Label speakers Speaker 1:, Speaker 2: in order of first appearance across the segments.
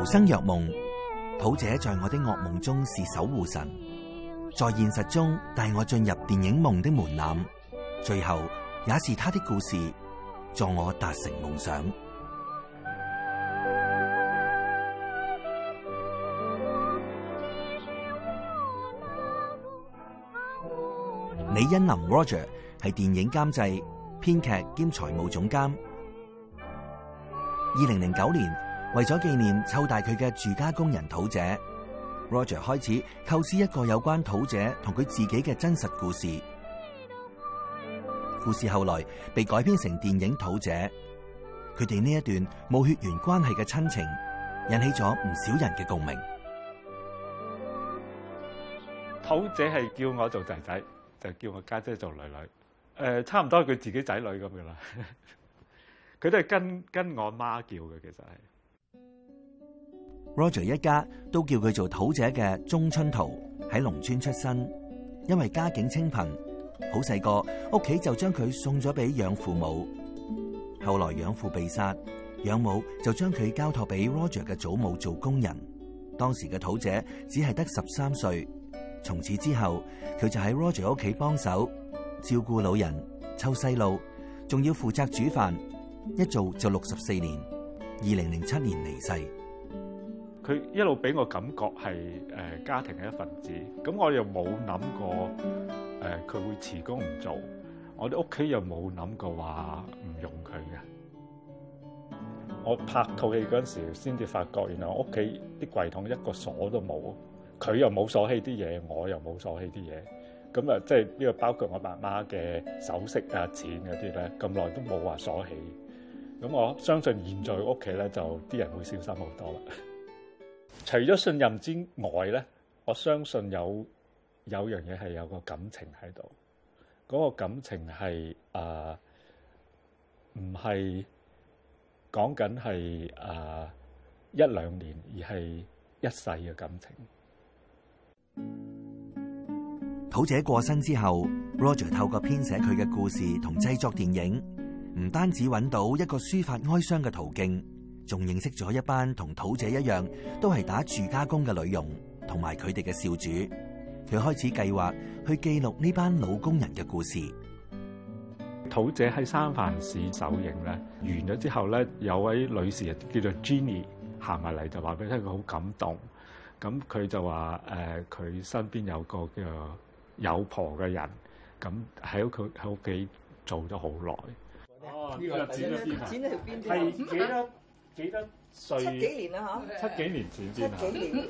Speaker 1: 浮生若夢，桃姐在我的噩夢中是守護神，在現實中帶我進入電影夢的門檻，最後也是她的故事助我達成夢想。李恩霖 Roger 係電影監製、編劇兼財務總監。二零零九年。為咗紀念湊大佢嘅住家工人桃姐 Roger，開始構思一個有關桃姐同佢自己嘅真實故事。故事後來被改編成電影《桃姐》。佢哋呢一段冇血緣關係嘅親情，引起咗唔少人嘅共鳴。
Speaker 2: 桃姐係叫我做仔仔，就叫我家姐、姐做女女。誒、呃，差唔多係佢自己仔女咁噶啦。佢都係跟跟我媽叫嘅，其實係。
Speaker 1: Roger 一家都叫佢做桃姐嘅鍾春桃喺農村出身，因為家境清貧，好細個屋企就將佢送咗俾養父母。後來養父被殺，養母就將佢交託俾 Roger 嘅祖母做工人。當時嘅桃姐只係得十三歲，從此之後佢就喺 Roger 屋企幫手照顧老人、湊細路，仲要負責煮飯，一做就六十四年。二零零七年離世。
Speaker 2: 佢一路俾我感覺係誒、呃、家庭嘅一份子，咁我又冇諗過誒佢、呃、會辭工唔做，我哋屋企又冇諗過話唔用佢嘅。我拍套戲嗰陣時先至發覺，原來屋企啲櫃桶一個鎖都冇，佢又冇鎖起啲嘢，我又冇鎖起啲嘢。咁啊，即係呢個包括我爸媽嘅首飾啊、錢嗰啲咧，咁耐都冇話鎖起。咁我相信現在屋企咧就啲人會小心好多啦。除咗信任之外咧，我相信有有樣嘢係有個感情喺度，嗰個感情係啊，唔係講緊係啊一兩年，而係一世嘅感情。
Speaker 1: 桃姐過身之後，Roger 透過編寫佢嘅故事同製作電影，唔單止搵到一個抒發哀傷嘅途徑。仲認識咗一班同桃姐一樣都係打住家工嘅女傭，同埋佢哋嘅少主，佢開始計劃去記錄呢班老工人嘅故事。桃姐
Speaker 2: 喺三藩市首映咧，完咗之後咧，有位女士叫做 Jenny 行埋嚟就話俾佢聽，佢好感動。咁佢就話誒，佢、呃、身邊有個叫做有婆嘅人，咁喺屋佢喺屋企做咗好耐。哦，呢、這個剪咗邊係幾多？剪幾多歲，啊？七幾年啦嗬，啊，七幾年前先。七幾
Speaker 3: 年，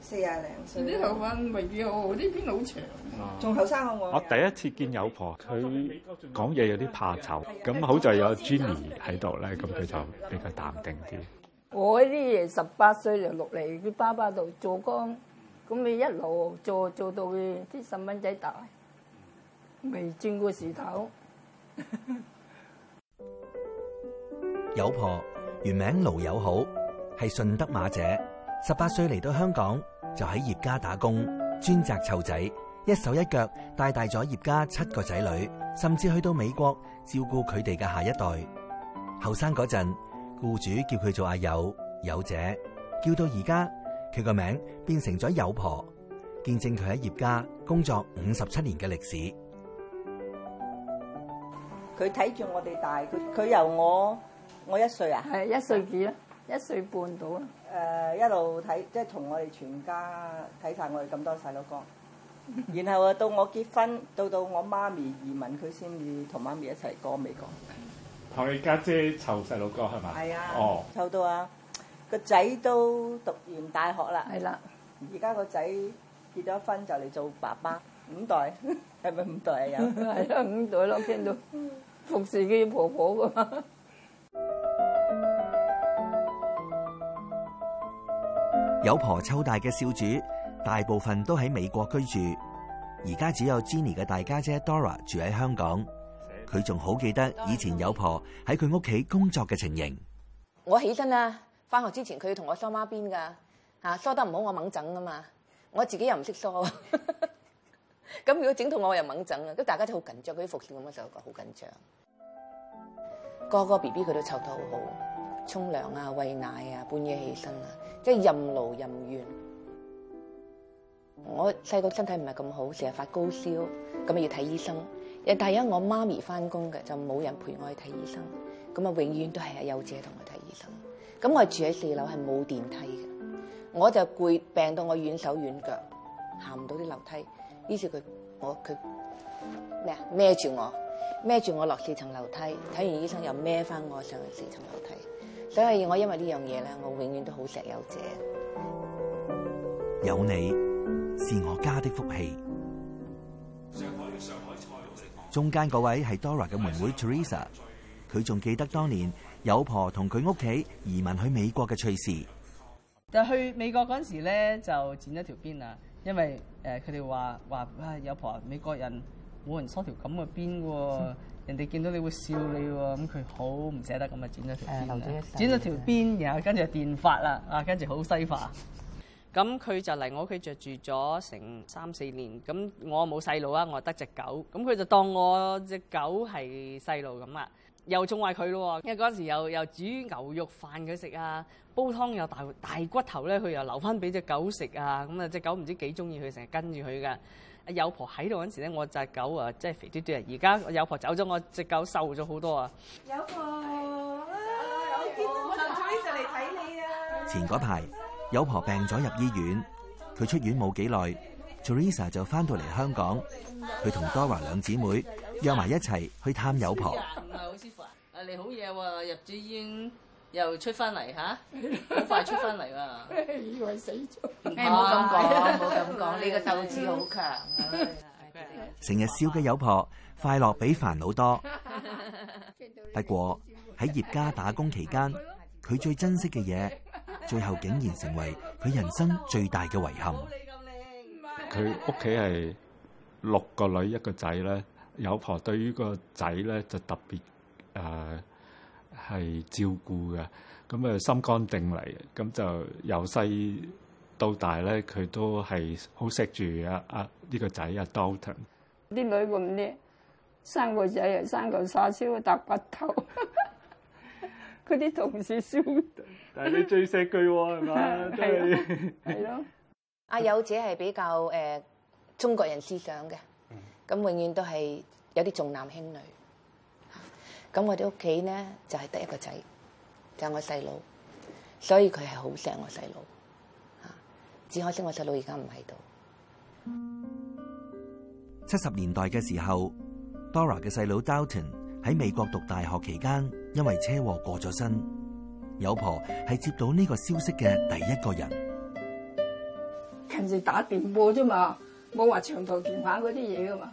Speaker 3: 四廿零歲。啲頭髮未見好，呢邊好長，仲後生喎。
Speaker 2: 我第一次見有婆，佢講嘢有啲怕醜，咁好在有 Jimmy 喺度咧，咁佢就比較淡定啲。
Speaker 3: 我呢啲嘢十八歲就落嚟，佢爸爸度做工，咁你一路做做到佢啲細蚊仔大，未轉過時頭。
Speaker 1: 有婆。原名盧友好，係順德馬姐，十八歲嚟到香港就喺葉家打工，專責湊仔，一手一腳帶大咗葉家七個仔女，甚至去到美國照顧佢哋嘅下一代。後生嗰陣，雇主叫佢做阿友，友姐，叫到而家，佢個名變成咗友婆，見證佢喺葉家工作五十七年嘅歷史。
Speaker 3: 佢睇住我哋大，佢佢由我。我一歲啊，係一歲幾咯，一歲半到啊！誒，一路睇，即係同我哋全家睇晒我哋咁多細佬哥。然後啊，到我結婚、到到我媽咪移民，佢先至同媽咪一齊過美國。
Speaker 2: 同你家姐湊細佬哥係咪？係啊！哦，
Speaker 3: 湊到啊，
Speaker 4: 個仔都
Speaker 3: 讀完大學啦。係啦。而家個仔結咗婚就嚟做爸爸，五代，係咪五代啊？係啦，五代咯，聽到服侍佢婆婆噶嘛。
Speaker 1: 有婆湊大嘅少主，大部分都喺美國居住，而家只有 Jenny 嘅大家姐 Dora 住喺香港。佢仲好記得以前有婆喺佢屋企工作嘅情形。
Speaker 5: 我起身啦，翻學之前佢要同我梳孖辮噶，啊梳得唔好我掹整啊嘛，我自己又唔識梳。咁如果整到我又掹整啊，咁大家都好緊張，佢啲服侍咁啊就覺好緊張。個個 B B 佢都湊得好好。沖涼啊、餵奶啊、半夜起身啊，即係任勞任怨。我細個身體唔係咁好，成日發高燒，咁啊要睇醫生。又但係因為我媽咪翻工嘅，就冇人陪我去睇醫生。咁啊，永遠都係阿友姐同我睇醫生。咁我住喺四樓係冇電梯嘅，我就攰病到我軟手軟腳，行唔到啲樓梯。於是佢我佢咩啊孭住我孭住我，落四層樓梯，睇完醫生又孭翻我上去四層樓梯。所以我因為呢樣嘢咧，我永遠都好錫有姐。
Speaker 1: 有你是我家的福氣。中間嗰位係 Dora 嘅妹妹 Teresa，佢仲記得當年有婆同佢屋企移民去美國嘅趣事。
Speaker 5: 但係去美國嗰陣時咧，就剪咗條辮啊，因為誒佢哋話話啊有婆美國人冇人梳條咁嘅辮喎。人哋見到你會笑你喎，咁佢好唔捨得咁啊剪咗條辮，剪、嗯、咗條辮，然後跟住就電
Speaker 4: 髮啦，啊跟住好西化，
Speaker 5: 咁、嗯、佢 就嚟我屋企着住咗成三四年，咁我冇細路啊，我得隻隻狗，咁佢就當我隻狗係細路咁啊。又縱壞佢咯喎，因為嗰陣時又又煮牛肉飯佢食啊，煲湯又大大骨頭咧，佢又留翻俾隻狗食啊，咁啊隻狗唔知幾中意佢，成日跟住佢噶。阿友婆喺度嗰陣時咧，我隻狗啊真係肥嘟嘟啊，而家友婆走咗，我隻狗瘦咗好多啊。友婆，我見到林翠莎嚟睇
Speaker 1: 你啊。前嗰排友婆病咗入醫院，佢出院冇幾耐，Teresa 就翻到嚟香港，佢同 Dora 兩姊妹。約埋一齊去探友婆，唔係
Speaker 5: 好舒服啊啊。啊，你好嘢喎，入咗醫院又出翻嚟吓，好
Speaker 3: 快出翻嚟啊 以為死咗，你唔好咁講，唔好咁講，你、 這個鬥志好強。
Speaker 1: 成日笑嘅、哎、友、哎、婆，快樂比煩惱多。 不過喺葉家打工期間，佢 最珍惜嘅嘢，最後竟然成為佢人生最大嘅遺憾。佢屋
Speaker 2: 企係六個女一個仔咧。有婆對於個仔咧就特別誒係、呃、照顧嘅，咁、嗯、誒心肝定嚟，咁、嗯嗯、就由細到大咧，佢都係好錫住阿阿呢個仔阿 Dalton。
Speaker 3: 啲女咁叻，生個仔又生個傻燒搭骨頭，佢啲同事笑。
Speaker 2: 但係你最錫佢喎係嘛？係係咯。
Speaker 5: 阿 有、 啊、姐係比較誒、呃、中國人思想嘅。咁永遠都係有啲重男輕女，咁我哋屋企咧就係得一個仔，就係我細佬，所以佢係好錫我細佬，嚇。只可惜我細佬而家唔喺度。
Speaker 1: 七十年代嘅時候，Dora 嘅細佬 Dalton 喺美國讀大學期間，因為車禍過咗身，有婆係接到呢個消息嘅第一個人。
Speaker 3: 近時打電波啫嘛，冇話長途電話嗰啲嘢噶嘛。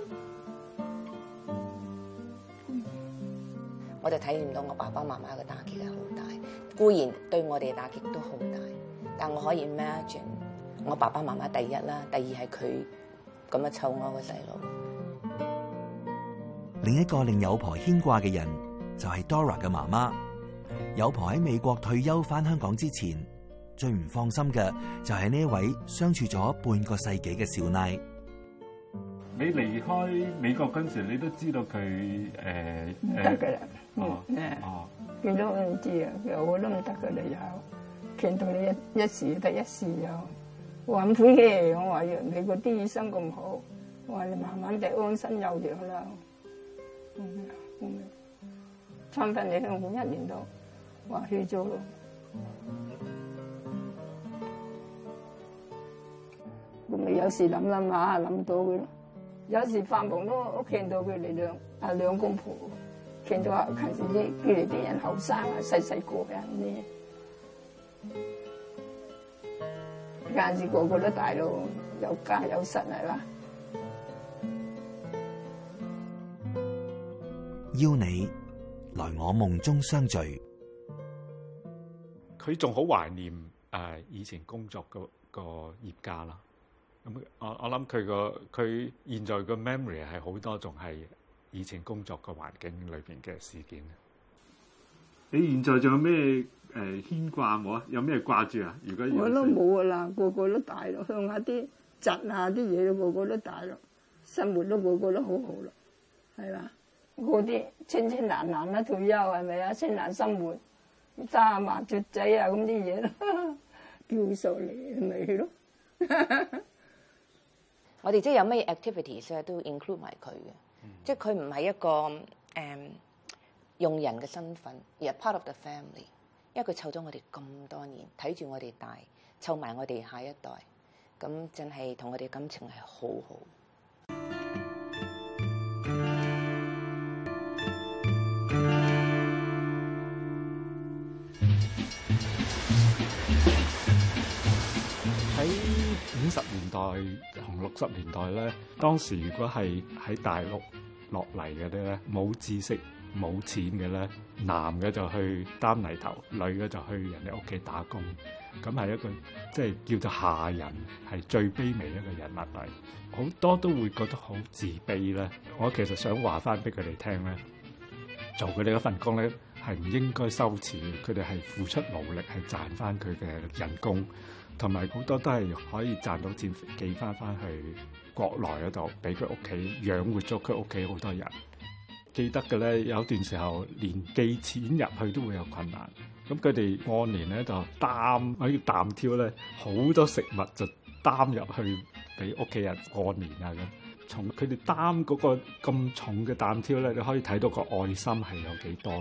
Speaker 5: 我就體驗到我爸爸媽媽嘅打擊係好大，固然對我哋嘅打擊都好大，但我可以 imagine 我爸爸媽媽第一啦，第二係佢咁樣湊我個細路。
Speaker 1: 另一個令有婆牽掛嘅人就係 Dora 嘅媽媽。有婆喺美國退休翻香港之前，最唔放心嘅就係呢一位相處咗半個世紀嘅少奶。
Speaker 2: 你離開美國嗰時，你都知道佢誒誒，
Speaker 3: 佢都唔知啊！有好多唔得嘅都有，見到你一一時得一時又揾返嘅。我話，美國啲醫生咁好，我話你慢慢哋安心休養啦。嗯嗯，參訓你都冇一年多，話去做咯。咁、嗯、咪有時諗諗下，諗到佢咯。有時發夢都屋企見到佢哋，啊、兩啊兩公婆，見到啊近時啲佢哋啲人後生啊細細個人咧，而家啲個個都大咯，有家有室嚟啦。
Speaker 1: 邀你來我夢中相聚，
Speaker 2: 佢仲好懷念誒以前工作嗰個葉家啦。咁我我諗佢個佢現在個 memory 係好多仲係以前工作個環境裏邊嘅事件。你現在仲有咩誒牽掛冇啊？有咩掛住啊？如果我都
Speaker 3: 冇啊啦，個個都大咯，鄉下啲窒下啲嘢，個個都大咯，生活都個個都好好咯，係嘛？嗰啲清清冷冷啦，退休係咪啊？清冷生活，揸麻雀仔啊咁啲嘢咯， 叫上嚟咪係咯。
Speaker 5: 是 我哋即係有咩 activities 咧，都 include 埋佢嘅，即係佢唔係一個誒、um，用人嘅身份，而係 part of the family，因為佢湊咗我哋咁多年，睇住我哋大，湊埋我哋下一代，咁真係同我哋感情係好好。
Speaker 2: 十年代同六十年代咧，當時如果係喺大陸落嚟嗰啲咧，冇知識、冇錢嘅咧，男嘅就去擔泥頭，女嘅就去人哋屋企打工，咁係一個即係叫做下人，係最卑微一個人物嚟。好多都會覺得好自卑咧。我其實想話翻俾佢哋聽咧，做佢哋嗰份工咧，係唔應該收錢，佢哋係付出努力，係賺翻佢嘅人工。同埋好多都係可以賺到錢寄翻翻去國內嗰度，俾佢屋企養活咗佢屋企好多人。記得嘅咧，有段時候連寄錢入去都會有困難。咁佢哋過年咧就擔喺個擔挑咧，好多食物就擔入去俾屋企人過年啊咁。從佢哋擔嗰個咁重嘅擔挑咧，你可以睇到個愛心係有幾多。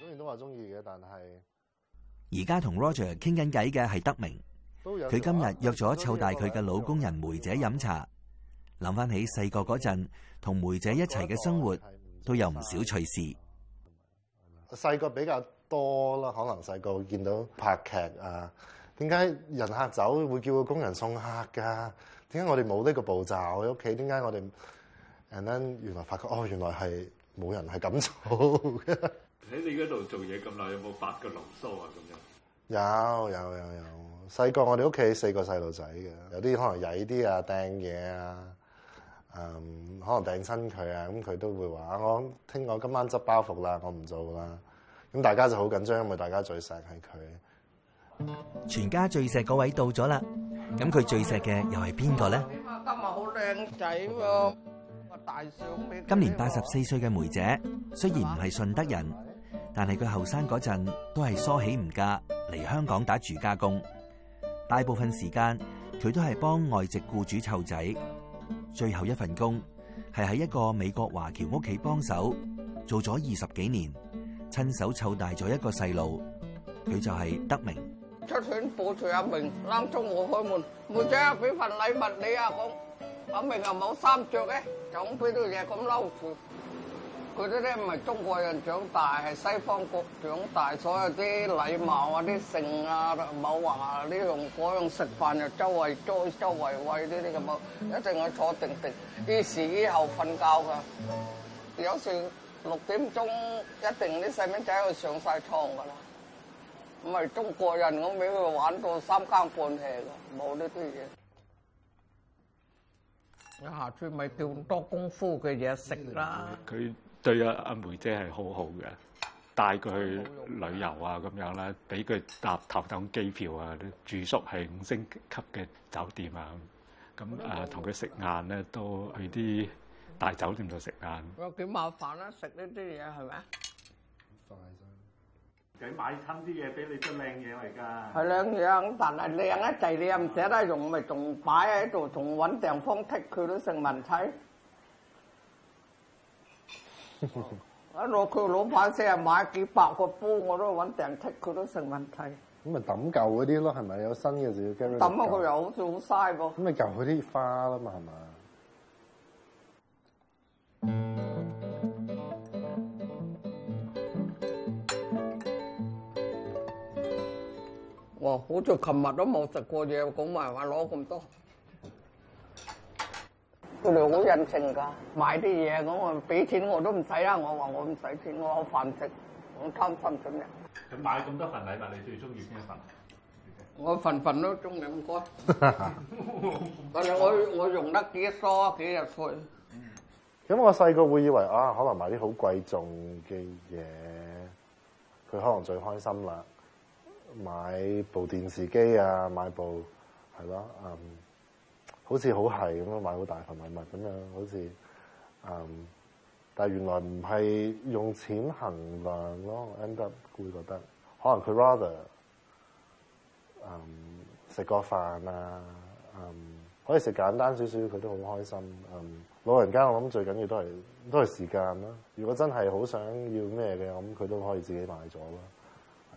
Speaker 6: 當然都話中意嘅，但係
Speaker 1: 而家同 Roger 傾緊偈嘅係德明。佢今日約咗湊大佢嘅老工人梅姐飲茶，諗翻起細個嗰陣同梅姐一齊嘅生活，都有唔少趣事。
Speaker 6: 細個比較多啦，可能細個會見到拍劇啊，點解人客走會叫工人送客噶？點解我哋冇呢個步驟喺屋企？點解我哋？and then 原來發覺哦，原來係冇人係咁做。喺你嗰度做
Speaker 2: 嘢咁耐，有冇發個牢騷啊？咁樣。
Speaker 6: 有有有有，細個我哋屋企四個細路仔嘅，有啲可能曳啲啊，掟嘢啊，嗯，可能掟親佢啊，咁佢都會話：我聽講今晚執包袱啦，我唔做啦。咁大家
Speaker 1: 就好緊張，因為大家最錫係佢。全家最錫嗰位到咗啦，咁佢最錫嘅又係邊個咧？
Speaker 7: 今日好靚仔喎，大少
Speaker 1: 咩？今年八十四歲嘅梅姐，雖然唔係順德人。但係佢後生嗰陣都係梳起唔嫁，嚟香港打住家工，大部分時間佢都係幫外籍僱主湊仔。最後一份工係喺一個美國華僑屋企幫手，做咗二十幾年，親手湊大咗一個細路，佢就係德明。
Speaker 7: 出去抱住阿明，冷冲我開門，妹仔俾份禮物你阿公，阿明又冇衫着嘅，就咁俾對嘢咁嬲佢啲咧唔係中國人長大，係西方國長大，所有啲禮貌啊、啲性啊，冇話呢樣嗰樣食飯就周圍再周圍喂呢啲咁，一定係坐定定，依、嗯、時以後瞓覺噶、嗯。有時六點鐘一定啲細蚊仔喺度上晒床噶啦，唔係中國人我俾佢玩到三更半夜噶，冇呢啲嘢。你下次咪叫多功夫嘅嘢食啦。佢、嗯。
Speaker 2: 對啊，阿梅姐係好好嘅，帶佢去旅遊啊咁樣啦，俾佢搭頭等機票啊，住宿係五星級嘅酒店啊，咁啊同佢食晏咧都去啲大酒店度食晏。
Speaker 7: 又幾麻煩啦，食呢啲嘢係咪？快咗，佢買
Speaker 2: 親啲嘢俾你，都靚嘢嚟㗎。係
Speaker 7: 靚樣，但係靚一滯，你又唔捨得用，咪仲擺喺度，同揾地方剔佢都成問題。啊！攞佢攞成日買幾百個煲，我都揾定剔。佢都成問題。咁
Speaker 6: 咪抌舊嗰啲咯，係咪？有新嘅就要掟佢？抌啊！佢又好似好嘥噃。咁咪就佢啲花啦嘛，係咪？
Speaker 7: 哇！好似琴日都冇食過嘢，講埋話攞咁多。佢哋好人情噶，買啲嘢咁我俾錢我都唔使啦，我話我唔使錢，我有飯食，我貪心咁樣。
Speaker 2: 佢買咁多份禮物，你最中意邊一
Speaker 7: 份？我份份都中意。唔該。我我我用得幾多幾日
Speaker 6: 去？咁我細個會以為啊，可能買啲好貴重嘅嘢，佢可能最開心啦。買部電視機啊，買部係咯，嗯。好似好係咁樣買好大份禮物咁樣，好似嗯，但係原來唔係用錢衡量咯。End up 會覺得可能佢 rather 嗯食個飯啊，嗯，可以食簡單少少，佢都好開心。嗯，老人家我諗最緊要都係都係時間啦。如果真係好想要咩嘅，咁佢都可以自己買咗啦。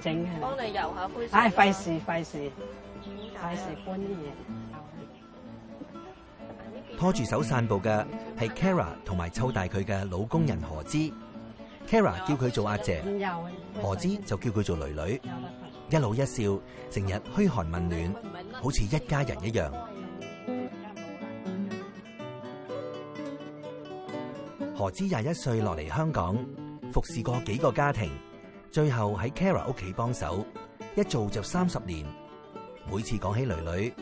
Speaker 1: 整，幫你游下唉，費事費事，費事搬嘢。拖住手散步嘅係 Clara 同埋湊大佢嘅老工人何枝、嗯。Clara 叫佢做阿姐，嗯嗯嗯、何枝就叫佢做女女、嗯嗯嗯。一老一少，成日噓寒問暖，好似一家人一樣。嗯嗯嗯、何枝廿一歲落嚟香港，服侍過幾個家庭。最後喺 Clara 屋企幫手，一做就三十年。每次講起囡囡，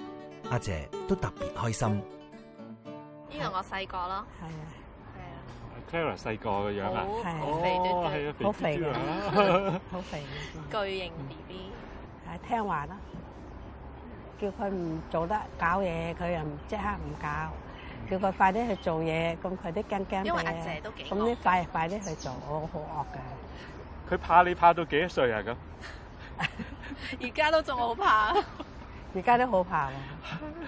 Speaker 1: 阿姐都特別開心。
Speaker 5: 呢個我細個咯，係啊
Speaker 2: 係啊。Clara 細個嘅樣啊，好肥嘟嘟，好肥嘅，
Speaker 5: 好肥嘅，巨型 B B。
Speaker 4: 啊，聽話啦，叫佢唔做得搞嘢，佢又唔即刻唔搞。叫佢快啲去做嘢，咁佢啲驚驚，因為阿姐都幾！咁啲快快啲去做，我好惡噶。
Speaker 2: 佢怕你怕到幾多歲啊？咁
Speaker 5: 而家都仲好怕，啊現在怕
Speaker 4: 啊，而家都好怕喎。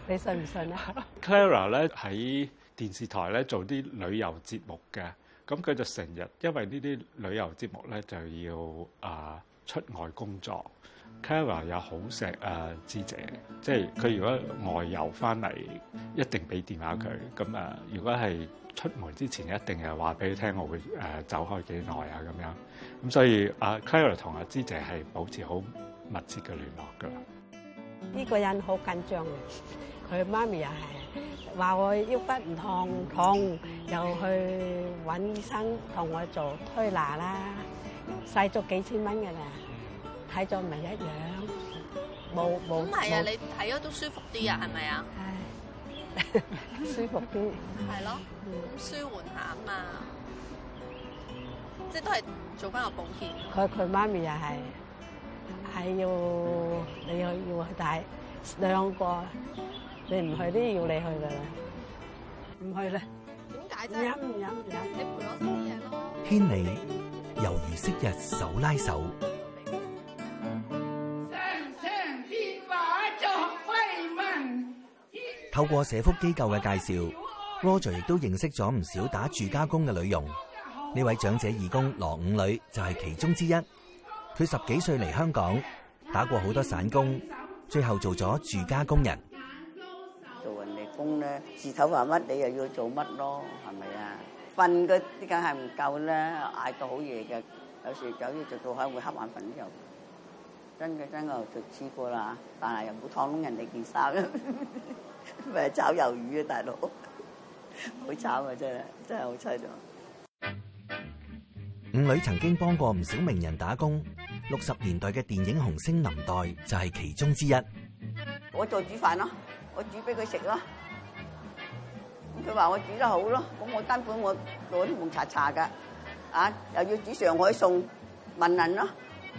Speaker 4: 你信唔信咧、啊
Speaker 2: ？Clara 咧喺電視台咧做啲旅遊節目嘅，咁佢就成日因為呢啲旅遊節目咧就要啊出外工作。Clara 又好錫啊枝姐，即係佢如果外遊返嚟一定俾電話佢。咁啊，如果係。出門之前一定係話俾佢聽，我會誒走開幾耐啊咁樣。咁所以阿 Clara 同阿芝姐係保持好密切嘅聯絡㗎。
Speaker 4: 呢個人好緊張嘅，佢媽咪又係話我腰骨唔痛痛， 又去揾醫生同我做推拿啦，使足幾千蚊㗎啦。睇咗唔係一樣，冇冇冇。唔係啊，你
Speaker 5: 睇咗都舒服啲、嗯、啊，係咪
Speaker 4: 啊？ 舒服啲，係咯，
Speaker 5: 咁舒緩下啊嘛，嗯、即係都係做翻、嗯哎、個保險。
Speaker 4: 佢佢媽咪又係，係要你去要，帶兩個你唔去都要你去噶啦，唔去咧？點解啫？唔飲唔飲，你陪我食啲嘢咯。
Speaker 1: 牽你猶如昔日手拉手。透過社福機構嘅介紹，Roger 亦都認識咗唔少打住家工嘅女傭。呢位長者義工羅五女就係其中之一。佢十幾歲嚟香港，打過好多散工，最後做咗住家工人。
Speaker 4: 做人哋工咧，事頭話乜你又要做乜咯，係咪啊？瞓嘅啲梗係唔夠啦，捱到好夜嘅，有時搞啲做做下會瞌眼瞓之後。真嘅真嘅就試過啦，但係又冇燙窿人哋件衫。咪炒魷魚啊，大佬！好 慘啊，真係真係好凄慘。
Speaker 1: 五女曾經幫過唔少名人打工，六十年代嘅電影紅星林黛就係其中之一。
Speaker 4: 我再煮飯咯，啊，我煮俾佢食咯。咁佢話我煮得好咯，咁我單本我攞啲紅茶茶㗎，啊又要煮上海餸問人咯，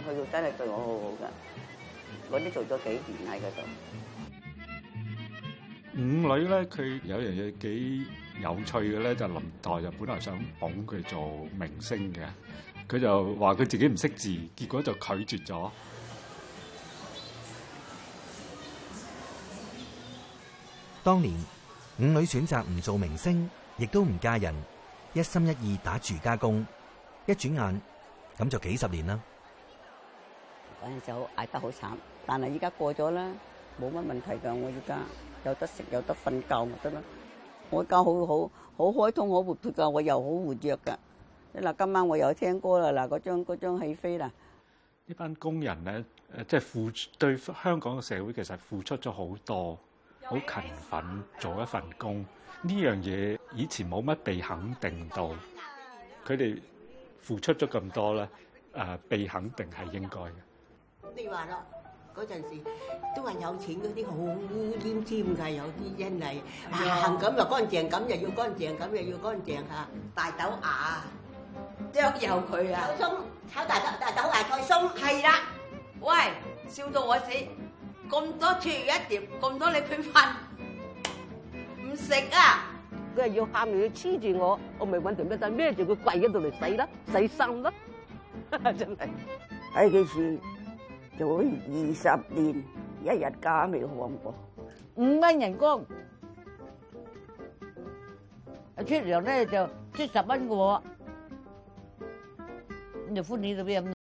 Speaker 4: 佢就真係對我好好㗎。我都做咗幾年喺嗰度。
Speaker 2: 五女咧，佢有樣嘢幾有趣嘅咧，就是、林黛就本來想捧佢做明星嘅，佢就話佢自己唔識字，結果就拒絕咗。
Speaker 1: 當年五女選擇唔做明星，亦都唔嫁人，一心一意打住家工。一轉眼咁就幾十年啦。
Speaker 4: 嗰陣時好捱得好慘，但係依家過咗啦。冇乜問題㗎，我而家有得食有得瞓覺咪得咯。我教好好好開通好活潑㗎，我又好活躍㗎。嗱，今晚我又聽歌啦，嗱，嗰張嗰張戲飛啦。
Speaker 2: 呢班工人咧，誒即係付對香港嘅社會其實付出咗好多，好勤奮做一份工。呢樣嘢以前冇乜被肯定到，佢哋付出咗咁多咧，誒、啊、被肯定係應該嘅。
Speaker 4: 你話咯。嗰陣時都係有錢嗰啲好奄尖㗎，有啲真係行咁又乾淨，咁又要乾淨，咁又要乾淨嚇。大豆芽，醬油佢啊，炒松炒大豆大豆芽再松，係啦。喂，笑到我死，咁多菜一碟，咁多你配飯唔食啊？佢係要喊你黐住我，我咪揾條咩帶孭住佢跪喺度嚟洗啦，洗衫啦，真係唉佢算？做二十年，一日假未放過。五蚊人工，出糧咧就出十蚊個喎，咁就歡喜到邊